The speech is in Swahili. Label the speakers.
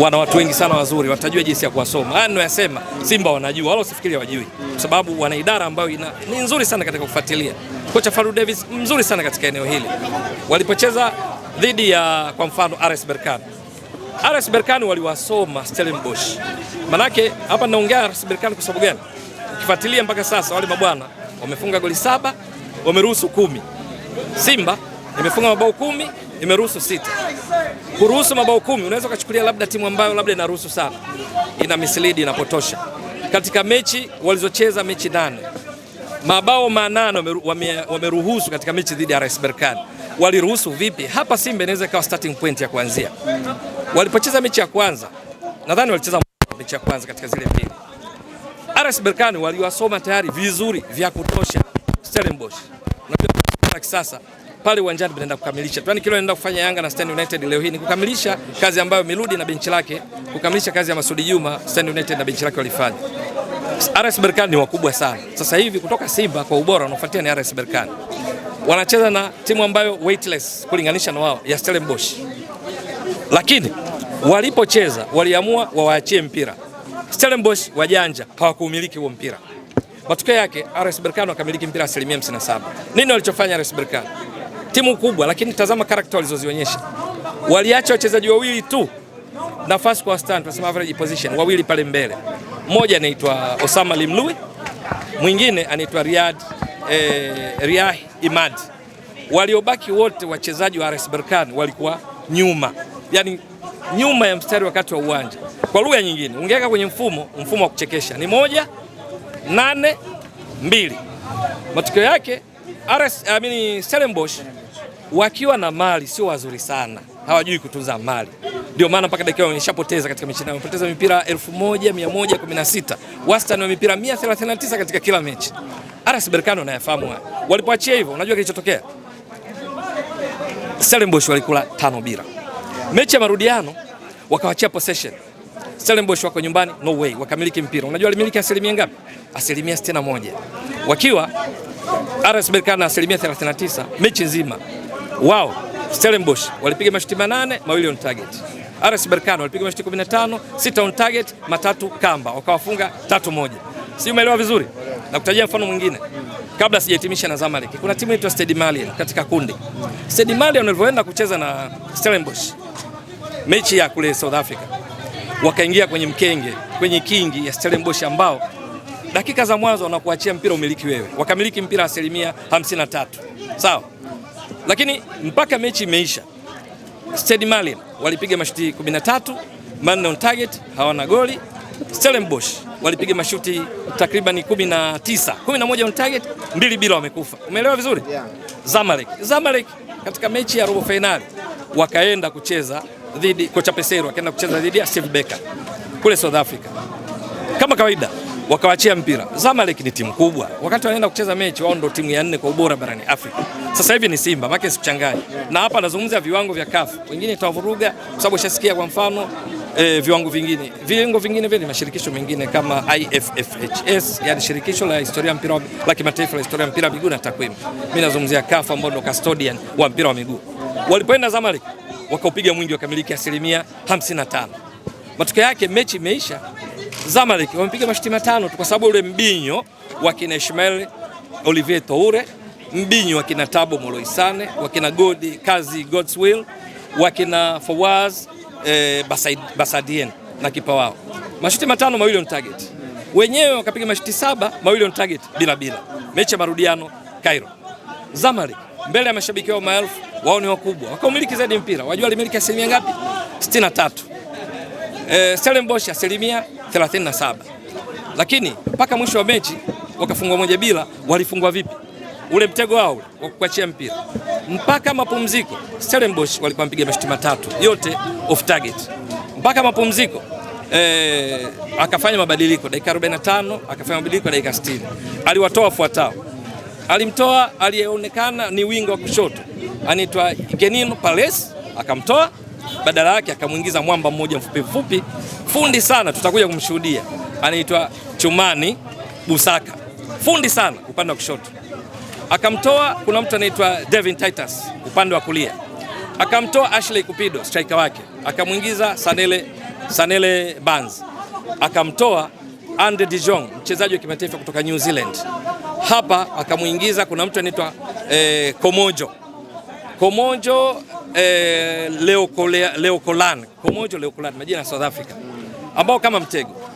Speaker 1: wana watu wengi sana wazuri, watajua jinsi ya kuwasoma. Haya yaani ninayosema Simba wanajua, wala usifikiri hawajui, kwa sababu wana idara ambayo ina, ni nzuri sana katika kufuatilia. Kocha Faru Davis mzuri sana katika eneo hili. Walipocheza dhidi ya kwa mfano RS Berkane, RS Berkane waliwasoma Stellenbosch. Manake hapa naongea RS Berkane kwa sababu gani? Ukifuatilia mpaka sasa wale mabwana wamefunga goli saba, wameruhusu kumi. Simba imefunga mabao kumi imeruhusu sita. Kuruhusu mabao kumi unaweza ukachukulia labda timu ambayo labda inaruhusu saba, ina mislead, inapotosha. Katika mechi walizocheza mechi nane mabao manano wameruhusu katika mechi dhidi ya RS Berkane. Waliruhusu vipi? Hapa Simba inaweza ikawa starting point ya kuanzia. Walipocheza mechi ya kwanza, nadhani walicheza mechi ya kwanza katika zile mbili, RS Berkane waliwasoma tayari vizuri vya kutosha Stellenbosch. Unajua kisasa pale uwanjani tunaenda kukamilisha. Yaani kile naenda kufanya Yanga na Stand United leo hii ni kukamilisha kazi ambayo Miludi na benchi lake, kukamilisha kazi ya Masudi Juma, Stand United na benchi lake walifanya. RS Berkane ni wakubwa sana. Sasa hivi kutoka Simba kwa ubora unaofuatia ni RS Berkane. Wanacheza na timu ambayo weightless kulinganisha na wao ya Stellenbosch. Lakini walipocheza waliamua wawaachie mpira. Stellenbosch wajanja hawakuumiliki huo mpira. Matokeo yake RS Berkane wakamiliki mpira asilimia 57. Nini walichofanya RS Berkane? timu kubwa, lakini tazama character walizozionyesha. Waliacha wachezaji wawili tu nafasi kwa wastani, tunasema average position, wawili pale mbele. Mmoja anaitwa Osama Limlui, mwingine anaitwa Riyad eh, Riyah Imad. Waliobaki wote wachezaji wa RS Berkane walikuwa nyuma, yani nyuma ya mstari wakati wa uwanja. Kwa lugha nyingine, ungeweka kwenye mfumo mfumo wa kuchekesha, ni moja nane mbili. Matokeo yake RS, I mean, Stellenbosch wakiwa na mali sio wazuri sana, hawajui kutunza mali, ndio maana mpaka dakika wameshapoteza katika mechi, nao, wamepoteza mipira 1116 wastani wa mipira 139 katika kila mechi. RS Berkane wanayafahamu haya. Walipoachia hivyo, unajua kilichotokea Stellenbosch walikula tano bila. Mechi ya marudiano wakawachia possession. Stellenbosch wako nyumbani, no way, wakamiliki mpira. Unajua walimiliki asilimia ngapi? Asilimia 61 wakiwa RS Berkane asilimia 39 mechi nzima. Wao Stellenbosch walipiga mashuti manane, mawili on target. RS Berkane walipiga mashuti 15, sita on target, matatu kamba, wakawafunga tatu moja. Si umeelewa vizuri? Na kutajia mfano mwingine kabla sijahitimisha na Zamalek, kuna timu inaitwa Stade Malien katika kundi. Stade Malien walivyoenda kucheza na Stellenbosch mechi ya kule South Africa, wakaingia kwenye mkenge, kwenye kingi ya Stellenbosch ambao dakika za mwanzo wanakuachia mpira umiliki wewe, wakamiliki mpira asilimia 53, sawa. Lakini mpaka mechi imeisha, Stade Malien walipiga mashuti 13, man on target, hawana goli. Stellenbosch walipiga mashuti takriban 19, 11 on target, mbili bila wamekufa. Umeelewa vizuri? Zamalek, Zamalek katika mechi ya robo finali wakaenda kucheza dhidi kocha Peseiro akaenda kucheza dhidi ya Steve Becker kule South Africa kama kawaida wakawachia mpira. Zamalek ni timu kubwa, wakati wanaenda kucheza mechi wao ndo timu ya nne kwa ubora barani Afrika. Sasa hivi ni Simba make sichanganye, na hapa nazungumzia viwango vya kafu, wengine tawavuruga kwa sababu ushasikia kwa mfano E, viwango vingine viwango vingine vile ni mashirikisho mengine kama IFFHS, yani shirikisho la historia mpira la kimataifa la historia mpira miguu na takwimu. Mimi nazungumzia CAF ambao ndio custodian wa mpira wa miguu. Walipoenda Zamalek wakaupiga mwingi wakamiliki asilimia 55. Matokeo yake mechi imeisha, Zamalek wamepiga mashiti matano tu kwa sababu ule mbinyo wa kina Ishmael Olivier Toure, mbinyo wa kina Tabo Moloisane, wa kina Godi Kazi God's Will, wa kina Fawaz eh, Basadien na kipa wao. Mashiti matano mawili on target. Wenyewe wakapiga mashiti saba mawili on target bila bila. Mechi ya marudiano Cairo. Zamalek mbele ya mashabiki wao maelfu, wao ni wakubwa, wakaumiliki zaidi mpira. Wajua limiliki asilimia ngapi? 63 eh, Stellenbosch asilimia 37, lakini mpaka mwisho wa mechi wakafungwa moja bila. Walifungwa vipi? Ule mtego wao wa kuachia mpira mpaka mapumziko, Stellenbosch walikuwa mpiga mashuti matatu yote off target mpaka mapumziko. Eh, akafanya mabadiliko dakika 45, akafanya mabadiliko dakika 60. Aliwatoa wafuatao, alimtoa aliyeonekana ni wingo wa kushoto anaitwa Genino Palace, akamtoa badala yake akamwingiza mwamba mmoja mfupi mfupi, fundi sana, tutakuja kumshuhudia, anaitwa Chumani Busaka, fundi sana upande wa kushoto. Akamtoa, kuna mtu anaitwa Devin Titus upande wa kulia, akamtoa Ashley Kupido striker wake, akamwingiza Sanele, Sanele Banz, akamtoa Andre De Jong mchezaji wa kimataifa kutoka New Zealand. Hapa akamwingiza kuna mtu anaitwa eh, Komojo Komojo eh, Leokolan Kolan, Komojo Kolan, majina ya South Africa ambao kama mtego